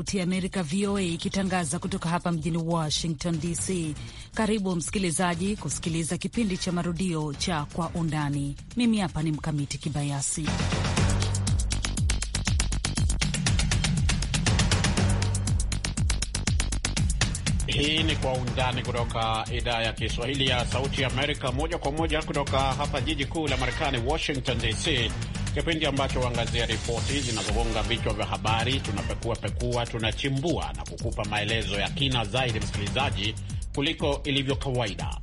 Sauti ya Amerika VOA ikitangaza kutoka hapa mjini Washington DC. Karibu msikilizaji kusikiliza kipindi cha marudio cha Kwa Undani. Mimi hapa ni Mkamiti Kibayasi. Hii ni Kwa Undani kutoka idhaa ya Kiswahili ya Sauti ya Amerika, moja kwa moja kutoka hapa jiji kuu la Marekani, Washington DC kipindi ambacho huangazia ripoti zinazogonga vichwa vya habari, tunapekua pekua, tunachimbua na kukupa maelezo ya kina zaidi, msikilizaji, kuliko ilivyo kawaida.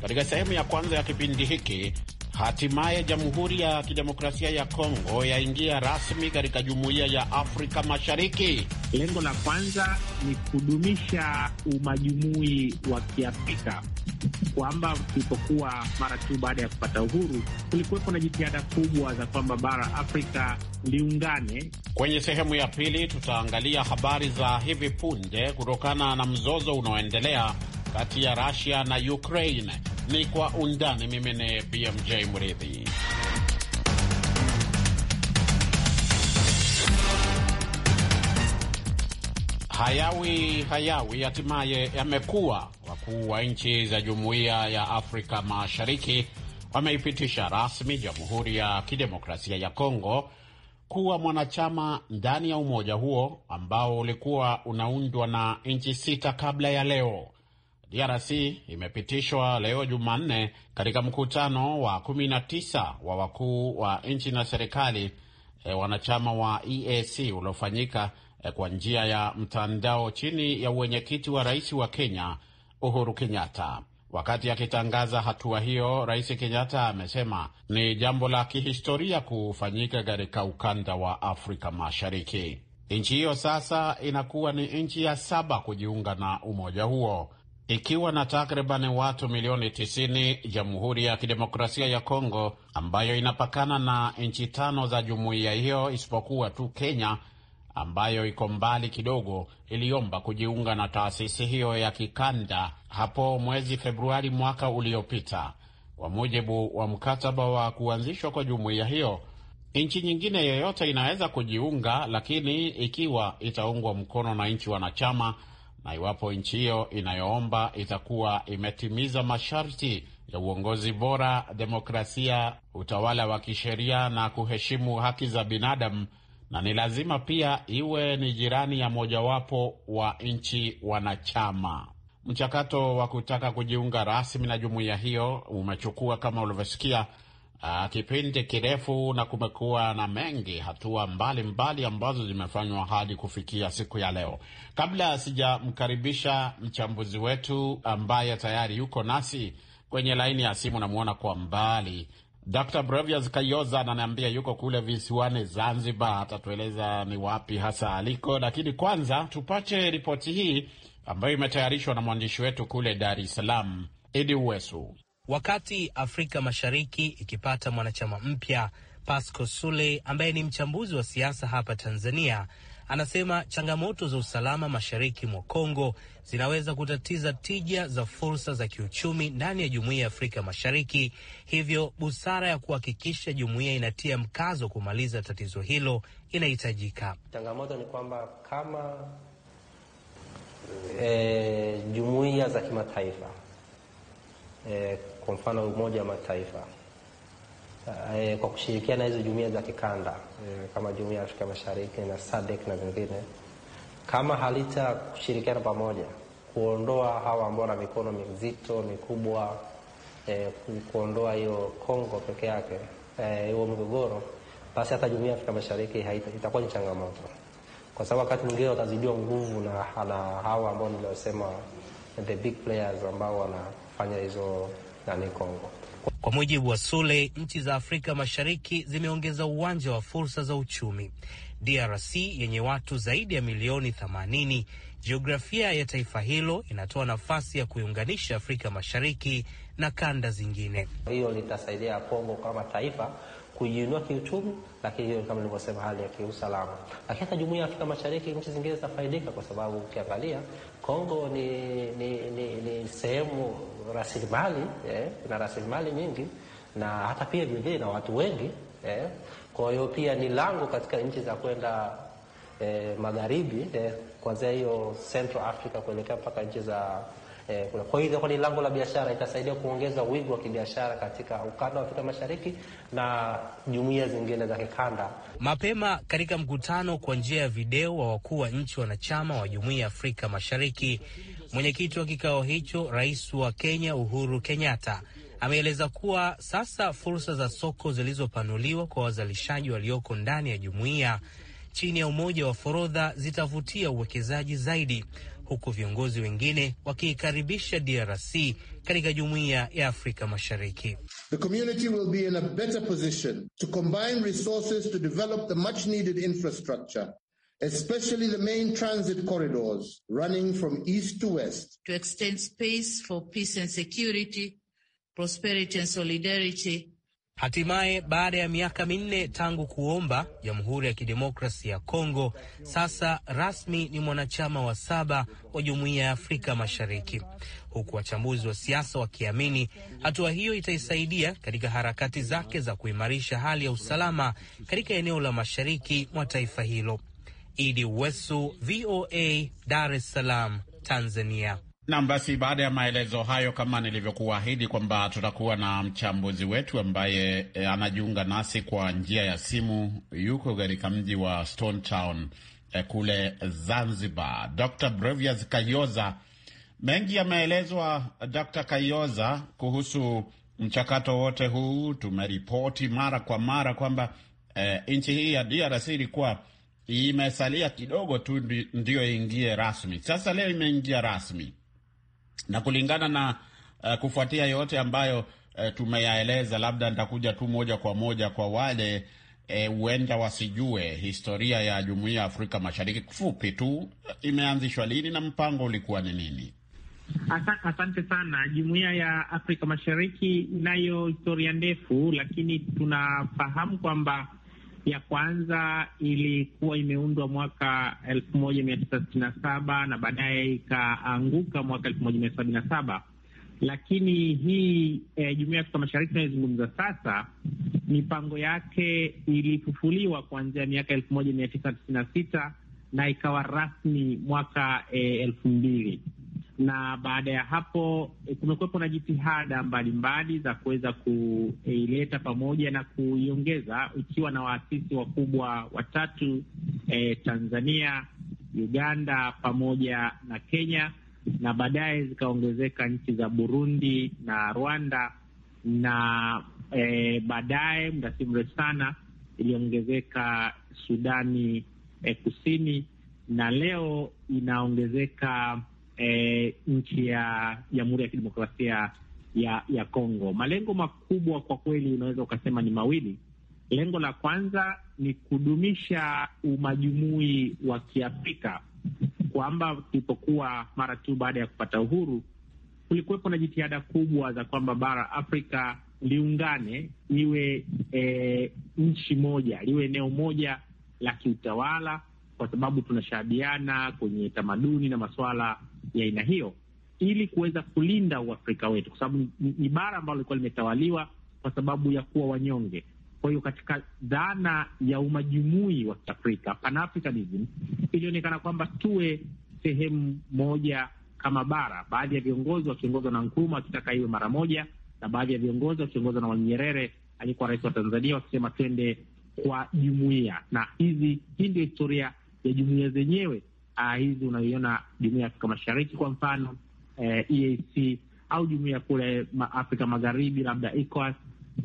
Katika sehemu ya kwanza ya kipindi hiki Hatimaye Jamhuri ya Kidemokrasia ya Kongo yaingia rasmi katika Jumuiya ya Afrika Mashariki. Lengo la kwanza ni kudumisha umajumui wa Kiafrika, kwamba tulipokuwa mara tu baada ya kupata uhuru kulikuwepo na jitihada kubwa za kwamba bara Afrika liungane. Kwenye sehemu ya pili, tutaangalia habari za hivi punde kutokana na mzozo unaoendelea kati ya Russia na Ukraine ni Kwa Undani. Mimi ni BMJ Mridhi. Hayawi hayawi hatimaye yamekuwa. Wakuu wa nchi za Jumuiya ya Afrika Mashariki wameipitisha rasmi Jamhuri ya Kidemokrasia ya Kongo kuwa mwanachama ndani ya umoja huo ambao ulikuwa unaundwa na nchi sita kabla ya leo. DRC imepitishwa leo Jumanne katika mkutano wa 19 wa wakuu wa nchi na serikali e, wanachama wa EAC uliofanyika e, kwa njia ya mtandao chini ya uwenyekiti wa rais wa Kenya Uhuru Kenyatta. Wakati akitangaza hatua hiyo, Rais Kenyatta amesema ni jambo la kihistoria kufanyika katika ukanda wa Afrika Mashariki. Nchi hiyo sasa inakuwa ni nchi ya saba kujiunga na umoja huo ikiwa na takriban watu milioni 90, Jamhuri ya Kidemokrasia ya Kongo ambayo inapakana na nchi tano za jumuiya hiyo isipokuwa tu Kenya ambayo iko mbali kidogo, iliomba kujiunga na taasisi hiyo ya kikanda hapo mwezi Februari mwaka uliopita. Kwa mujibu wa mkataba wa kuanzishwa kwa jumuiya hiyo, nchi nyingine yoyote inaweza kujiunga, lakini ikiwa itaungwa mkono na nchi wanachama na iwapo nchi hiyo inayoomba itakuwa imetimiza masharti ya uongozi bora, demokrasia, utawala wa kisheria na kuheshimu haki za binadamu, na ni lazima pia iwe ni jirani ya mojawapo wa nchi wanachama. Mchakato wa kutaka kujiunga rasmi na jumuiya hiyo umechukua, kama ulivyosikia, Uh, kipindi kirefu na kumekuwa na mengi hatua mbalimbali mbali ambazo zimefanywa hadi kufikia siku ya leo. Kabla sijamkaribisha mchambuzi wetu ambaye tayari yuko nasi kwenye laini ya simu, namwona kwa mbali Dr. Brevias Kayoza ananiambia yuko kule visiwani Zanzibar, atatueleza ni wapi hasa aliko, lakini kwanza tupate ripoti hii ambayo imetayarishwa na mwandishi wetu kule Dar es Salaam, Idi Uwesu. Wakati Afrika Mashariki ikipata mwanachama mpya, Pasco Sule ambaye ni mchambuzi wa siasa hapa Tanzania anasema changamoto za usalama mashariki mwa Kongo zinaweza kutatiza tija za fursa za kiuchumi ndani ya jumuiya ya Afrika Mashariki. Hivyo busara ya kuhakikisha jumuiya inatia mkazo kumaliza tatizo hilo inahitajika. Changamoto ni kwamba kama e, jumuiya za kimataifa e, kwa mfano Umoja wa Mataifa e, kwa kushirikiana hizo jumuia za kikanda e, kama jumuia ya Afrika Mashariki na SADC na vingine, kama halita kushirikiana pamoja kuondoa hawa ambao na mikono mizito mikubwa e, kuondoa hiyo Kongo peke yake huo e, mgogoro, basi hata jumuia ya Afrika Mashariki itakuwa ni changamoto, kwa sababu wakati mwingine watazidiwa nguvu na, na hawa ambao niliosema the big players ambao wanafanya hizo nani Kongo. Kwa mujibu wa Sule, nchi za Afrika Mashariki zimeongeza uwanja wa fursa za uchumi. DRC yenye watu zaidi ya milioni 80, jiografia ya taifa hilo inatoa nafasi ya kuiunganisha Afrika Mashariki na kanda zingine. Hiyo litasaidia Kongo kama taifa kujiinua kiuchumi, lakini hiyo kama nilivyosema, hali ya kiusalama. Lakini hata jumuiya ya Afrika Mashariki, nchi zingine zitafaidika, kwa sababu ukiangalia Kongo ni, ni, ni, ni sehemu rasilimali eh, na rasilimali nyingi na hata pia vilevile na watu wengi eh. Kwa hiyo pia ni lango katika nchi za kwenda eh, magharibi eh, kuanzia hiyo Central Africa kuelekea mpaka nchi za eh, kula. Kwa hivyo ni lango la biashara, itasaidia kuongeza wigo wa kibiashara katika ukanda wa Afrika Mashariki na jumuiya zingine za kikanda. Mapema katika mkutano kwa njia ya video wa wakuu wa nchi wanachama wa jumuiya ya Afrika Mashariki, mwenyekiti wa kikao hicho, Rais wa Kenya Uhuru Kenyatta ameeleza kuwa sasa fursa za soko zilizopanuliwa kwa wazalishaji walioko ndani ya jumuiya chini ya umoja wa forodha zitavutia uwekezaji zaidi huku viongozi wengine wakiikaribisha DRC katika jumuiya ya Afrika Mashariki. The community will be in a better position to combine resources to develop the much needed infrastructure especially the main transit corridors running from east to west to extend space for peace and security, prosperity and solidarity Hatimaye, baada ya miaka minne tangu kuomba, Jamhuri ya kidemokrasi ya Kongo sasa rasmi ni mwanachama wa saba wa Jumuiya ya Afrika Mashariki, huku wachambuzi wa siasa wakiamini hatua hiyo itaisaidia katika harakati zake za kuimarisha hali ya usalama katika eneo la mashariki mwa taifa hilo. Idi Wesu, VOA, Dar es Salaam, Tanzania. Nam, basi baada ya maelezo hayo, kama nilivyokuahidi kwamba tutakuwa na mchambuzi wetu ambaye e, anajiunga nasi kwa njia ya simu, yuko katika mji wa Stone Town e, kule Zanzibar, Dr. Brevias Kayoza. Mengi yameelezwa Dr. Kayoza kuhusu mchakato wote huu. Tumeripoti mara kwa mara kwamba e, nchi hii ya DRC ilikuwa imesalia kidogo tu ndiyo iingie rasmi. Sasa leo imeingia rasmi na kulingana na uh, kufuatia yote ambayo uh, tumeyaeleza, labda nitakuja tu moja kwa moja kwa wale eh, huenda e, wasijue historia ya Jumuiya ya Afrika Mashariki. kifupi tu, imeanzishwa lini na mpango ulikuwa ni nini? Asante sana. Jumuiya ya Afrika Mashariki inayo historia ndefu, lakini tunafahamu kwamba ya kwanza ilikuwa imeundwa mwaka elfu moja mia tisa sitini na saba na baadaye ikaanguka mwaka elfu moja mia tisa sabini na saba lakini hii eh, jumuia ya Afrika Mashariki inayozungumza sasa, mipango yake ilifufuliwa kuanzia miaka elfu moja mia tisa tisini na sita na ikawa rasmi mwaka e, elfu mbili na baada ya hapo kumekuwepo na jitihada mbalimbali za kuweza kuileta pamoja na kuiongeza, ikiwa na waasisi wakubwa watatu e, Tanzania, Uganda pamoja na Kenya, na baadaye zikaongezeka nchi za Burundi na Rwanda, na e, baadaye muda si mrefu sana iliongezeka Sudani e, Kusini, na leo inaongezeka e, nchi ya Jamhuri ya, ya Kidemokrasia ya ya Kongo. Malengo makubwa kwa kweli unaweza ukasema ni mawili. Lengo la kwanza ni kudumisha umajumui wa Kiafrika, kwamba tulipokuwa mara tu baada ya kupata uhuru kulikuwepo na jitihada kubwa za kwamba bara Afrika liungane liwe e, nchi moja liwe eneo moja la kiutawala, kwa sababu tunashahabiana kwenye tamaduni na masuala ya aina hiyo ili kuweza kulinda uafrika wetu, kwa sababu ni bara ambalo lilikuwa limetawaliwa kwa sababu ya kuwa wanyonge. Kwa hiyo katika dhana ya umajumui wa Kiafrika, Pan-Africanism, ilionekana kwamba tuwe sehemu moja kama bara, baadhi ya viongozi wakiongozwa na Nkrumah wakitaka iwe mara moja, na baadhi ya viongozi wakiongozwa na Mwalimu Nyerere aliyekuwa rais wa Tanzania wakisema twende kwa jumuia. Na hizi hii ndio historia ya jumuia zenyewe uh, hizi unaiona jumuia ya Afrika Mashariki kwa mfano eh, EAC au jumuia kule Afrika Magharibi labda ECOWAS,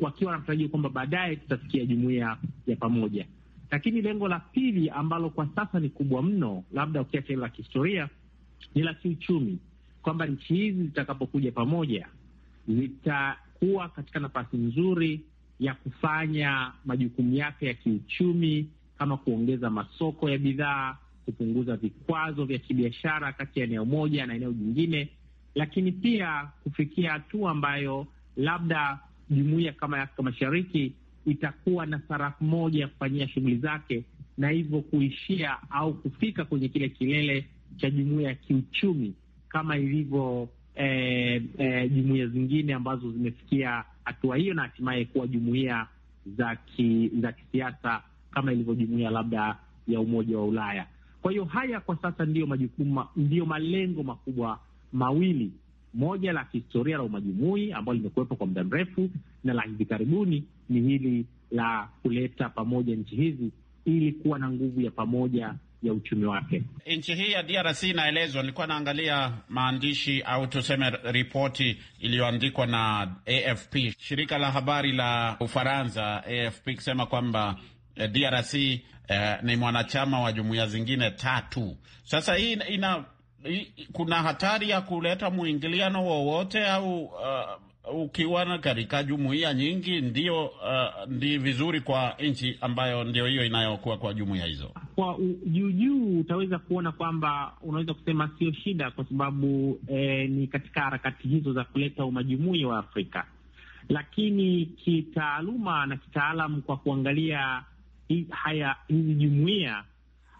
wakiwa wanatarajia kwamba baadaye tutafikia jumuia ya pamoja. Lakini lengo la pili ambalo kwa sasa ni kubwa mno, labda ukiacha hilo la kihistoria, ni la kiuchumi, kwamba nchi hizi zitakapokuja pamoja zitakuwa katika nafasi nzuri ya kufanya majukumu yake ya kiuchumi kama kuongeza masoko ya bidhaa kupunguza vikwazo vya kibiashara kati ya eneo moja na eneo jingine, lakini pia kufikia hatua ambayo labda jumuiya kama ya Afrika Mashariki itakuwa na sarafu moja ya kufanyia shughuli zake na hivyo kuishia au kufika kwenye kile kilele cha jumuiya ya kiuchumi kama ilivyo eh, eh, jumuiya zingine ambazo zimefikia hatua hiyo na hatimaye kuwa jumuiya za ki, za kisiasa kama ilivyo jumuiya labda ya Umoja wa Ulaya. Kwa hiyo haya kwa sasa ndiyo majukumu, ndiyo malengo makubwa mawili, moja la kihistoria la umajumui ambalo limekuwepo kwa muda mrefu, na la hivi karibuni ni hili la kuleta pamoja nchi hizi ili kuwa na nguvu ya pamoja ya uchumi wake. Nchi hii ya DRC inaelezwa, nilikuwa naangalia maandishi au tuseme ripoti iliyoandikwa na AFP, shirika la habari la Ufaransa AFP, kusema kwamba Eh, DRC eh, ni mwanachama wa jumuiya zingine tatu. Sasa hii ina hii, kuna hatari ya kuleta mwingiliano wowote au uh, ukiwa katika jumuiya nyingi ndio uh, eh, ndi vizuri kwa nchi ambayo ndio hiyo inayokuwa kwa jumuiya hizo. Kwa juujuu utaweza kuona kwamba unaweza kusema sio shida, kwa sababu eh, ni katika harakati hizo za kuleta umajumui wa Afrika, lakini kitaaluma na kitaalamu kwa kuangalia haya hizi jumuia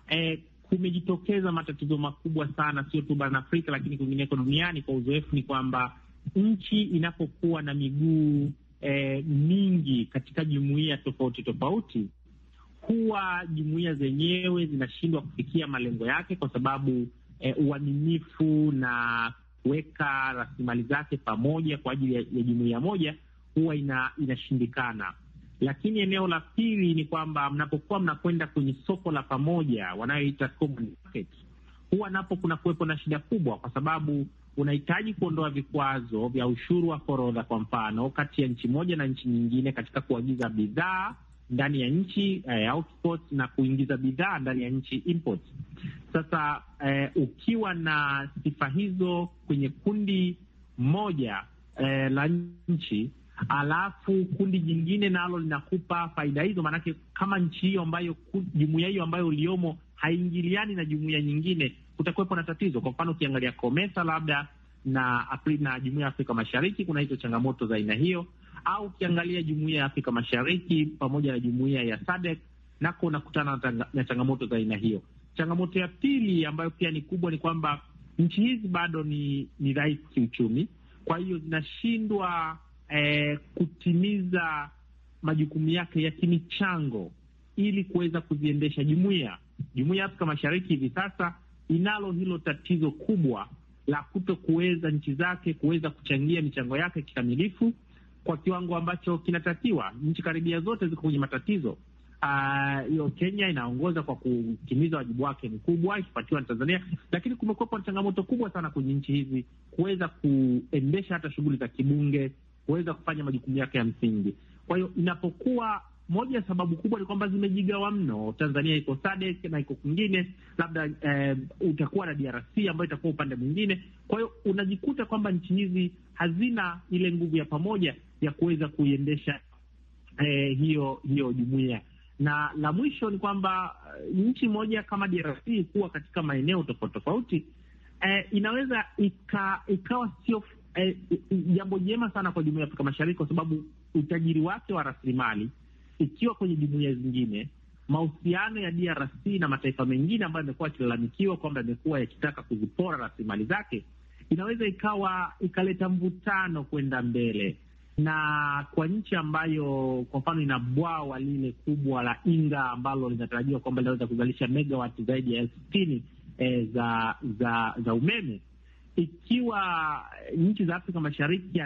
eh, kumejitokeza matatizo makubwa sana, sio tu barani Afrika lakini kwingineko duniani. Kwa uzoefu ni kwamba nchi inapokuwa na miguu eh, mingi katika jumuia tofauti tofauti, huwa jumuia zenyewe zinashindwa kufikia malengo yake kwa sababu eh, uaminifu na kuweka rasilimali zake pamoja kwa ajili ya, ya jumuia moja huwa ina, inashindikana. Lakini eneo la pili ni kwamba mnapokuwa mnakwenda kwenye soko la pamoja wanayoita common market, huwa napo kuna kuwepo na shida kubwa, kwa sababu unahitaji kuondoa vikwazo vya ushuru wa forodha, kwa mfano, kati ya nchi moja na nchi nyingine katika kuagiza bidhaa ndani ya nchi eh, output na kuingiza bidhaa ndani ya nchi import. Sasa eh, ukiwa na sifa hizo kwenye kundi moja eh, la nchi alafu kundi jingine nalo linakupa faida hizo, maanake kama nchi hiyo ambayo jumuiya hiyo ambayo uliomo haingiliani na jumuiya nyingine, kutakuwepo na tatizo. Kwa mfano ukiangalia Komesa labda na Afri, na jumuiya ya Afrika Mashariki kuna hizo changamoto za aina hiyo, au ukiangalia jumuiya ya Afrika Mashariki pamoja na jumuiya ya SADC nako unakutana na changamoto za aina hiyo. Changamoto ya pili ambayo pia ni kubwa ni kwamba nchi hizi bado ni, ni dhaifu kiuchumi, kwa hiyo zinashindwa eh, kutimiza majukumu yake ya kimichango ili kuweza kuziendesha jumuiya. Jumuiya ya Afrika Mashariki hivi sasa inalo hilo tatizo kubwa la kuto kuweza nchi zake kuweza kuchangia michango yake kikamilifu kwa kiwango ambacho kinatakiwa. Nchi karibia zote ziko kwenye matatizo ah, hiyo. Uh, Kenya inaongoza kwa kutimiza wajibu wake mkubwa ikifuatiwa na Tanzania, lakini kumekuwepo na changamoto kubwa sana kwenye nchi hizi kuweza kuendesha hata shughuli za kibunge kuweza kufanya majukumu yake ya msingi. Kwa hiyo inapokuwa moja ya sababu kubwa ni kwamba zimejigawa mno. Tanzania iko SADC na iko kwingine, labda eh, utakuwa na DRC ambayo itakuwa upande mwingine. Kwa hiyo unajikuta kwamba nchi hizi hazina ile nguvu ya pamoja ya kuweza kuiendesha eh, hiyo hiyo jumuiya. Na la mwisho ni kwamba eh, nchi moja kama DRC kuwa katika maeneo tofauti tofauti eh, inaweza ika, ikawa sio Eh, jambo eh, jema sana kwa jumuiya ya Afrika Mashariki kwa sababu utajiri wake wa rasilimali ikiwa kwenye jumuiya zingine, mahusiano ya DRC na mataifa mengine ambayo yamekuwa yakilalamikiwa kwamba yamekuwa yakitaka kuzipora rasilimali zake, inaweza ikawa ikaleta mvutano kwenda mbele, na kwa nchi ambayo kwa mfano ina bwawa lile kubwa la Inga ambalo linatarajiwa kwamba linaweza kuzalisha megawati zaidi ya elfu sitini eh, za, za, za umeme ikiwa nchi za Afrika Mashariki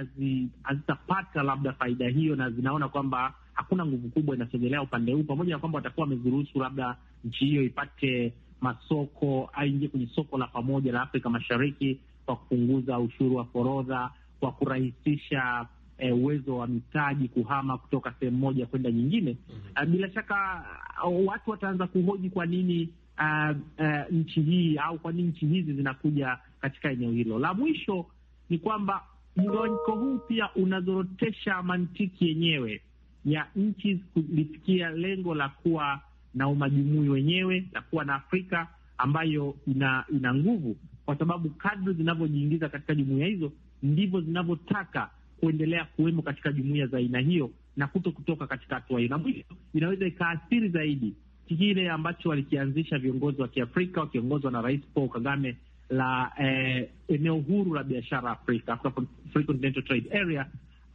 hazitapata labda faida hiyo na zinaona kwamba hakuna nguvu kubwa inasogelea upande huu, pamoja na kwamba watakuwa wameziruhusu labda nchi hiyo ipate masoko aingie kwenye soko la pamoja la Afrika Mashariki kwa kupunguza ushuru wa forodha, kwa kurahisisha eh, uwezo wa mitaji kuhama kutoka sehemu moja kwenda nyingine. mm -hmm. Bila shaka uh, watu wataanza kuhoji kwa nini uh, uh, nchi hii au kwa nini nchi hizi zinakuja katika eneo hilo. La mwisho ni kwamba mgawanyiko huu pia unazorotesha mantiki yenyewe ya nchi kulifikia lengo la kuwa na umajumui wenyewe la kuwa na Afrika ambayo ina ina nguvu, kwa sababu kadri zinavyojiingiza katika jumuiya hizo ndivyo zinavyotaka kuendelea kuwemo katika jumuiya za aina hiyo na kuto kutoka katika hatua hiyo, na mwisho inaweza ikaathiri zaidi kile ambacho walikianzisha viongozi wa Kiafrika wakiongozwa na Rais Paul Kagame la eh, eneo huru la biashara Afrika, Africa Free Continental Trade Area.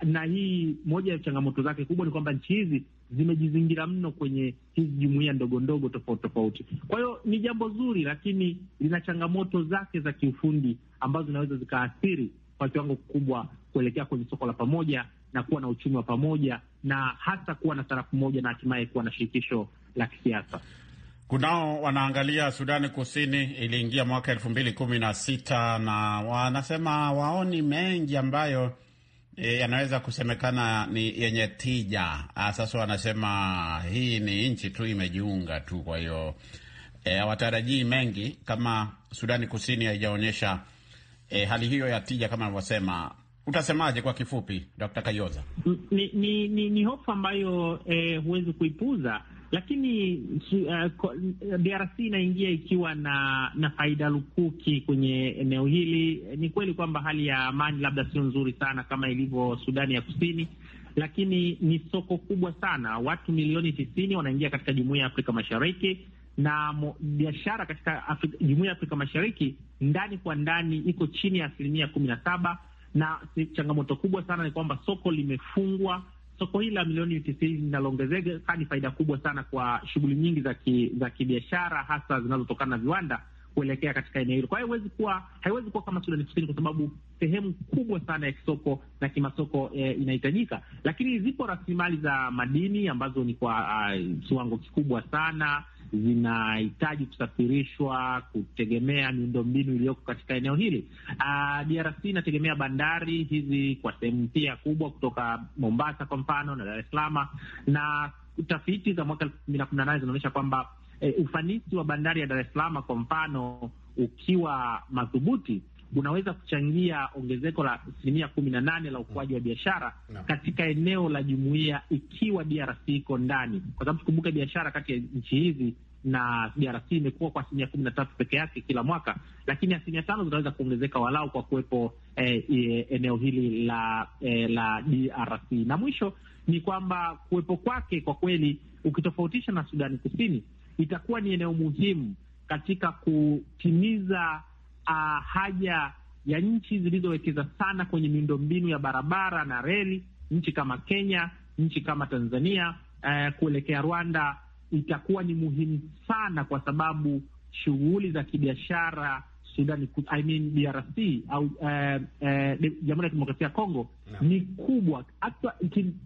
Na hii moja ya changamoto zake kubwa ni kwamba nchi hizi zimejizingira mno kwenye hizi jumuiya ndogo ndogo tofauti tofauti. Kwa hiyo ni jambo zuri, lakini lina changamoto zake za kiufundi ambazo zinaweza zikaathiri kwa kiwango kikubwa kuelekea kwenye soko la pamoja na kuwa na uchumi wa pamoja na hata kuwa na sarafu moja na hatimaye kuwa na shirikisho la kisiasa. Kunao wanaangalia Sudani Kusini iliingia mwaka elfu mbili kumi na sita na wanasema waoni mengi ambayo e, yanaweza kusemekana ni yenye tija. Sasa wanasema hii ni nchi tu imejiunga tu, kwa hiyo e, hawatarajii e, mengi kama Sudani Kusini haijaonyesha e, hali hiyo ya tija kama anavyosema. Utasemaje kwa kifupi, Dr. Kayoza? Ni, ni, ni, ni hofu ambayo eh, huwezi kuipuza lakini uh, eh, eh, DRC inaingia ikiwa na na faida lukuki kwenye eneo hili. Ni kweli kwamba hali ya amani labda sio nzuri sana kama ilivyo Sudani ya Kusini, lakini ni soko kubwa sana. Watu milioni tisini wanaingia katika jumuiya ya Afrika Mashariki na biashara katika jumuiya ya Afrika Mashariki ndani kwa ndani iko chini ya asilimia kumi na saba na changamoto kubwa sana ni kwamba soko limefungwa soko hili la milioni tisini linaloongezeka ni faida kubwa sana kwa shughuli nyingi za ki, za kibiashara hasa zinazotokana na viwanda kuelekea katika eneo hilo. Kwa hiyo haiwezi kuwa haiwezi kuwa kama Sudani Kusini, kwa sababu sehemu kubwa sana ya kisoko na kimasoko e, inahitajika, lakini zipo rasilimali za madini ambazo ni kwa ah, kiwango kikubwa sana zinahitaji kusafirishwa kutegemea miundombinu iliyoko katika eneo hili. Uh, ah, DRC inategemea bandari hizi kwa sehemu pia kubwa kutoka Mombasa kwa mfano na Dar es Salaam, na tafiti za mwaka elfu mbili na kumi na nane zinaonyesha kwamba eh, ufanisi wa bandari ya Dar es Salaam kwa mfano ukiwa madhubuti unaweza kuchangia ongezeko la asilimia kumi na nane la ukuaji wa biashara no. katika eneo la jumuiya ikiwa DRC iko ndani, kwa sababu tukumbuke biashara kati ya nchi hizi na DRC imekuwa kwa asilimia kumi na tatu peke yake kila mwaka, lakini asilimia tano zinaweza kuongezeka walau kwa kuwepo eh, eneo hili la, eh, la DRC. Na mwisho ni kwamba kuwepo kwake kwa kweli, ukitofautisha na Sudani Kusini, itakuwa ni eneo muhimu katika kutimiza uh, haja ya nchi zilizowekeza sana kwenye miundombinu ya barabara na reli, nchi kama Kenya, nchi kama Tanzania uh, kuelekea Rwanda itakuwa ni muhimu sana, kwa sababu shughuli za kibiashara Sudani, I mean DRC au uh, uh, Jamhuri ya Kidemokrasia ya Kongo no. ni kubwa hata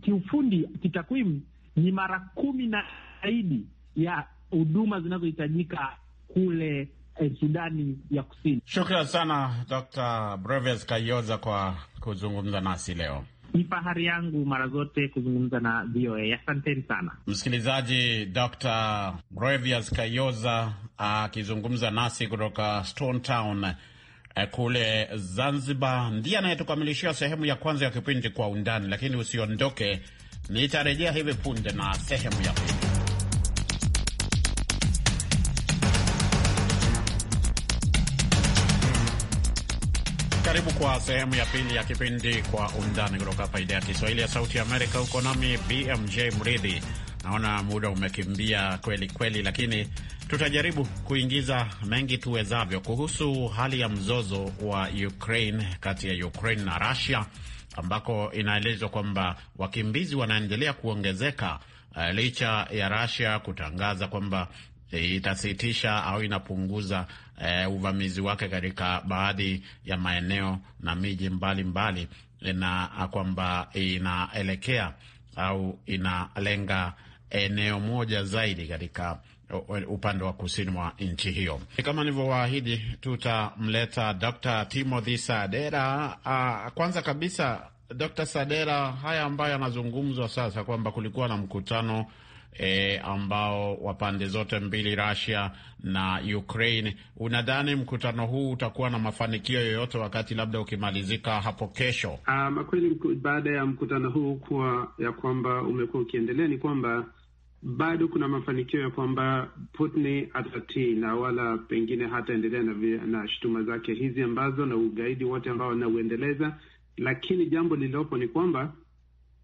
kiufundi, kitakwimu ni mara kumi na zaidi ya huduma zinazohitajika kule eh, Sudani ya Kusini. Shukran sana Dr. Breves Kayoza kwa kuzungumza nasi leo. Ni fahari yangu mara zote kuzungumza na VOA. Asanteni sana msikilizaji. Dr. Brevias Kayoza akizungumza nasi kutoka Stone Town eh, kule Zanzibar ndiye anayetukamilishia sehemu ya kwanza ya kipindi Kwa Undani, lakini usiondoke, nitarejea hivi punde na sehemu ya pili. Karibu kwa sehemu ya pili ya kipindi Kwa Undani kutoka hapa idhaa ya Kiswahili ya Sauti Amerika. Huko nami BMJ Mridhi. Naona muda umekimbia kweli kweli, lakini tutajaribu kuingiza mengi tuwezavyo kuhusu hali ya mzozo wa Ukraine, kati ya Ukraine na Russia, ambako inaelezwa kwamba wakimbizi wanaendelea kuongezeka eh, licha ya Russia kutangaza kwamba eh, itasitisha au inapunguza eh, uvamizi wake katika baadhi ya maeneo na miji mbalimbali mbali, na kwamba inaelekea au inalenga eneo moja zaidi katika upande wa kusini mwa nchi hiyo. Kama nilivyowaahidi, tutamleta Dr. Timothy Sadera. Ah, kwanza kabisa, Dr. Sadera, haya ambayo yanazungumzwa sasa kwamba kulikuwa na mkutano e, ambao wa pande zote mbili Russia na Ukraine, unadhani mkutano huu utakuwa na mafanikio yoyote wakati labda ukimalizika hapo kesho? Ah, Makweli, baada ya mkutano huu kuwa ya kwamba umekuwa ukiendelea ni kwamba bado kuna mafanikio ya kwamba Putin atatii na wala pengine hataendelea na, na shutuma zake hizi ambazo na ugaidi wote ambao wanauendeleza, lakini jambo lililopo ni kwamba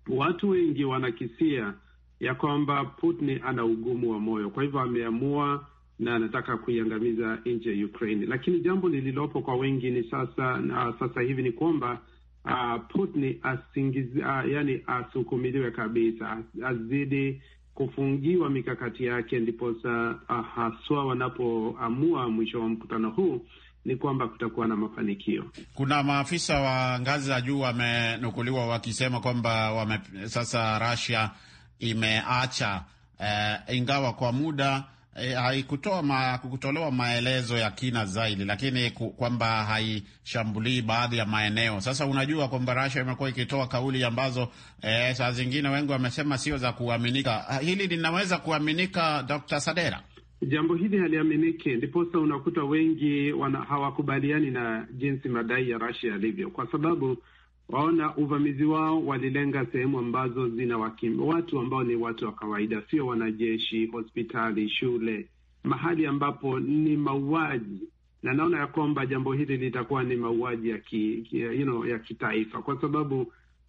watu wengi wanakisia ya kwamba Putin ana ugumu wa moyo, kwa hivyo ameamua na anataka kuiangamiza nchi ya Ukraine. Lakini jambo lililopo kwa wengi ni sasa na sasa hivi ni kwamba uh, Putin asingizi, uh, yani asukumiliwe kabisa, azidi kufungiwa mikakati yake, ndiposa uh, haswa wanapoamua mwisho wa mkutano huu ni kwamba kutakuwa na mafanikio. Kuna maafisa wa ngazi za juu wamenukuliwa wakisema kwamba wame, sasa Russia imeacha uh, ingawa kwa muda eh, haikutoa ma, kutolewa maelezo ya kina zaidi, lakini kwamba haishambulii baadhi ya maeneo. Sasa unajua kwamba Russia imekuwa ikitoa kauli ambazo e, saa zingine wengi wamesema sio za kuaminika. Ah, hili linaweza kuaminika, Dr. Sadera? Jambo hili haliaminiki, ndiposa unakuta wengi wana, hawakubaliani na jinsi madai ya Russia yalivyo, kwa sababu waona uvamizi wao walilenga sehemu ambazo zina wakim, watu ambao ni watu wa kawaida, sio wanajeshi, hospitali, shule, mahali ambapo ni mauaji, na naona ya kwamba jambo hili litakuwa ni mauaji ya ki, you know, ya kitaifa kwa sababu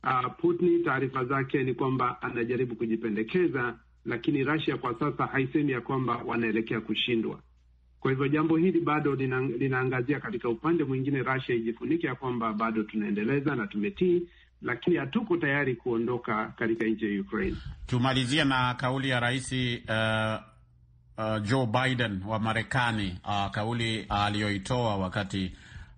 uh, Putin taarifa zake ni kwamba anajaribu kujipendekeza, lakini Russia kwa sasa haisemi ya kwamba wanaelekea kushindwa. Kwa hivyo jambo hili bado lina, linaangazia katika upande mwingine, Russia ijifunike ya kwamba bado tunaendeleza na tumetii, lakini hatuko tayari kuondoka katika nchi ya Ukraine. Tumalizia na kauli ya rais uh, uh, Joe Biden wa Marekani, uh, kauli aliyoitoa uh, wakati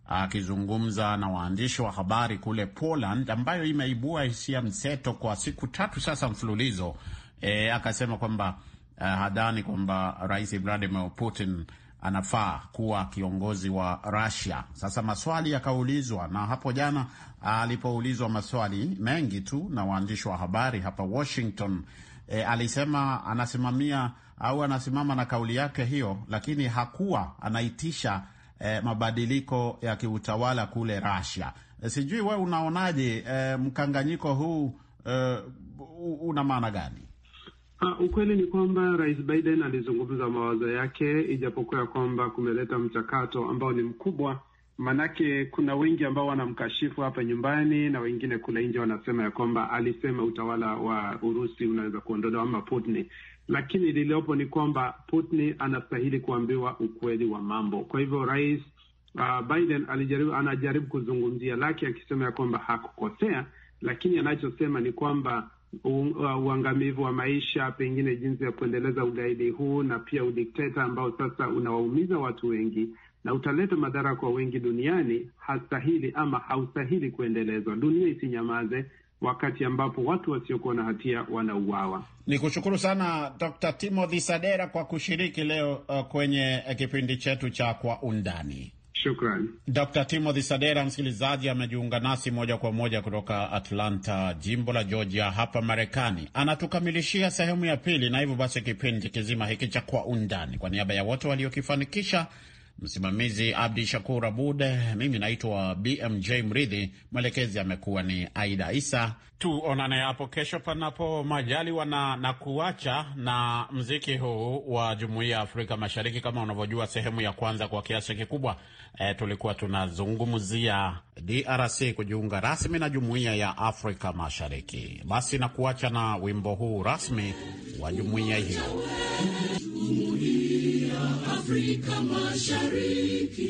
akizungumza na waandishi wa habari kule Poland, ambayo imeibua hisia mseto kwa siku tatu sasa mfululizo. E, akasema kwamba uh, hadhani kwamba rais Vladimir Putin anafaa kuwa kiongozi wa Russia. Sasa maswali yakaulizwa, na hapo jana ah, alipoulizwa maswali mengi tu na waandishi wa habari hapa Washington, e, alisema anasimamia au anasimama na kauli yake hiyo, lakini hakuwa anaitisha e, mabadiliko ya kiutawala kule Russia. E, sijui we unaonaje e, mkanganyiko huu e, una maana gani? Uh, ukweli ni kwamba Rais Biden alizungumza mawazo yake, ijapokuwa ya kwamba kumeleta mchakato ambao ni mkubwa, maanake kuna wengi ambao wanamkashifu hapa nyumbani na wengine kule nje wanasema ya kwamba alisema utawala wa Urusi unaweza kuondolewa ama Putin, lakini lililopo ni kwamba Putin anastahili kuambiwa ukweli wa mambo. Kwa hivyo Rais uh, Biden alijaribu, anajaribu kuzungumzia lake akisema ya kwamba hakukosea, lakini anachosema ni kwamba Uh, uangamivu wa maisha, pengine jinsi ya kuendeleza ugaidi huu na pia udikteta ambao sasa unawaumiza watu wengi na utaleta madhara kwa wengi duniani, hastahili ama haustahili kuendelezwa. Dunia isinyamaze wakati ambapo watu wasiokuwa na hatia wanauawa. Ni kushukuru sana Dr. Timothy Sadera kwa kushiriki leo uh, kwenye uh, kipindi chetu cha Kwa Undani. Shukran. Dr. Timothy Sadera, msikilizaji, amejiunga nasi moja kwa moja kutoka Atlanta, jimbo la Georgia, hapa Marekani. Anatukamilishia sehemu ya pili, na hivyo basi kipindi kizima hiki cha Kwa Undani, kwa niaba ya wote waliokifanikisha Msimamizi Abdi Shakur Abud, mimi naitwa BMJ Mridhi, mwelekezi amekuwa ni Aida Isa. Tuonane hapo kesho panapo majali wana na kuacha na mziki huu wa Jumuiya ya Afrika Mashariki. Kama unavyojua, sehemu ya kwanza kwa kiasi kikubwa e, tulikuwa tunazungumzia DRC kujiunga rasmi na Jumuiya ya Afrika Mashariki. Basi na kuacha na wimbo huu rasmi wa jumuiya hiyo. Afrika Mashariki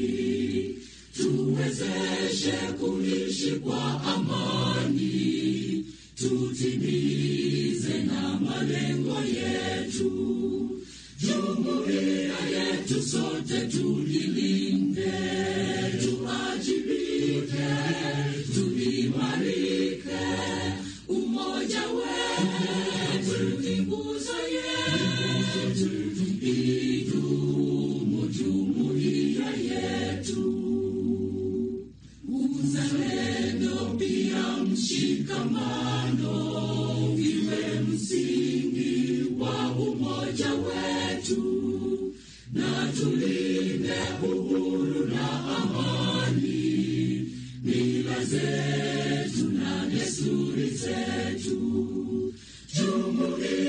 tuwezeshe kuishi kwa amani, tutimize na malengo yetu. Jumuiya yetu sote tulilinde, tuajibike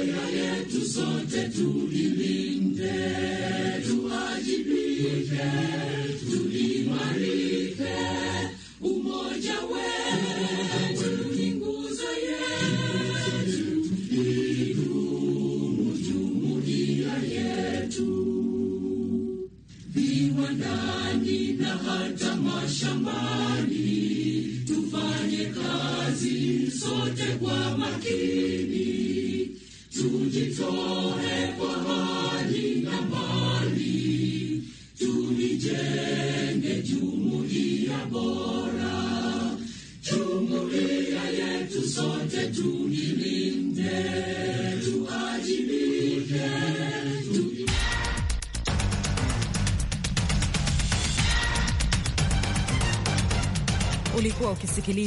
Bendera yetu sote tuilinde, tuwajibike.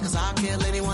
Cause I'll kill anyone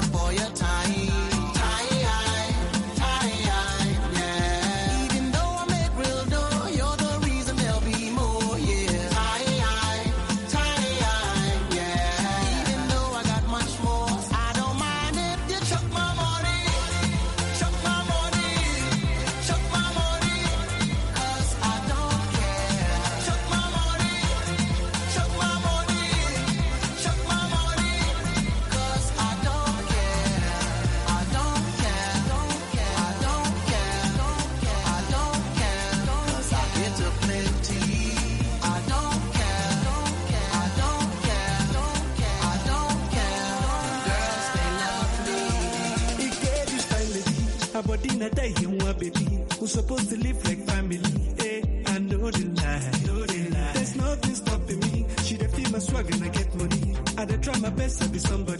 baby. We're supposed to live like family. Hey, eh, I know the lie. There's nothing stopping me. She dey feel my swag and I get money. I dey try my best to be somebody.